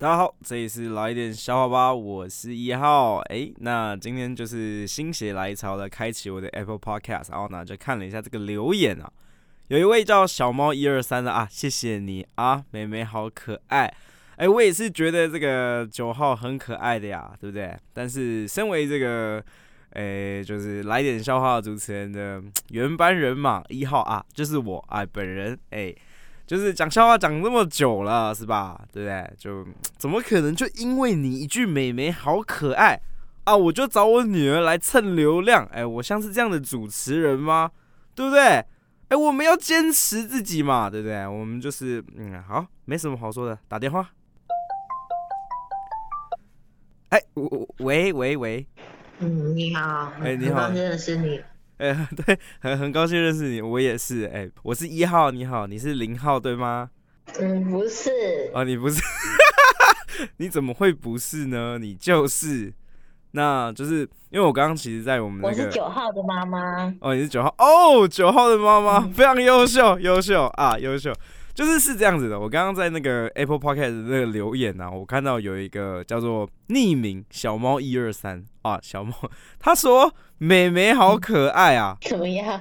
大家好，這裡是來點笑話吧，我是一號。哎、欸，那今天就是心血來潮的開啟我的 Apple Podcast，然後呢就看了一下這個留言啊，有一位叫小貓一二三的啊，謝謝你啊，妹妹好可愛。哎、欸，我也是覺得這個九號很可愛的呀，對不對？但是身為這個哎、欸，就是來點笑話主持人的原班人馬一號啊，就是我啊，本人哎。欸就是講笑話講這麼久了，是吧？對不對？就怎麼可能就因為你一句“妹妹好可愛”啊，我就找我女兒來蹭流量？哎、欸，我像是這樣的主持人嗎？對不對？哎、欸，我們要堅持自己嘛，對不對？我們就是嗯，好，沒什麼好說的，打電話。哎，喂喂喂，嗯，你好，哎，你好，認識你。哎、欸，對，很很高興認識你，我也是。哎、欸，我是一號，你好，你是零號對嗎？嗯，不是。哦，你不是？ 你怎麼會不是呢？你就是，那就是因為我剛剛其實在我們、那個。我是九號的媽媽。哦，你是九號哦，九號的媽媽、嗯、非常優秀，優秀啊，優秀。就是是這樣子的，我剛剛在那個 Apple Podcast 那個留言啊，我看到有一個叫做匿名小貓一二三啊，小貓他說妹妹好可愛啊，怎麼樣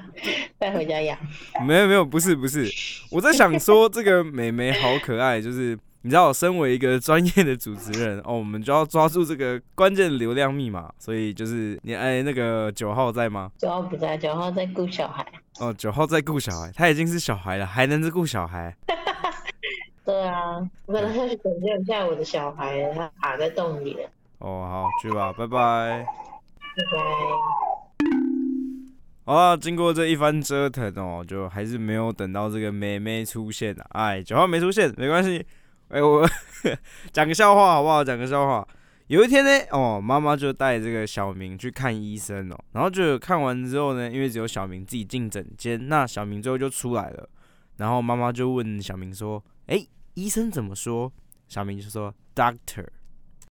帶回家養？樣樣 沒有沒有，不是不是，我在想說這個妹妹好可愛，就是。你知道，我身為一個專業的主持人哦，我們就要抓住這個關鍵流量密碼。所以就是，你哎，那個九號在嗎？九號不在，九號在顧小孩。哦，九號在顧小孩，他已經是小孩了，還能是顧小孩？ 對啊，我可能要去拯救一下我的小孩，他卡在洞裡了。哦，好，去吧，拜拜。拜拜。好啊，經過這一番折騰哦，喔，就還是沒有等到這個妹妹出現，啊、哎，九號沒出現，沒關係。哎，我講個笑話好不好？講個笑話。有一天呢，哦，媽媽就帶這個小明去看醫生哦，然後就看完之後呢，因為只有小明自己進診間，那小明最後就出來了，然後媽媽就問小明說：“哎，醫生怎麼說？”小明就說：“Doctor。”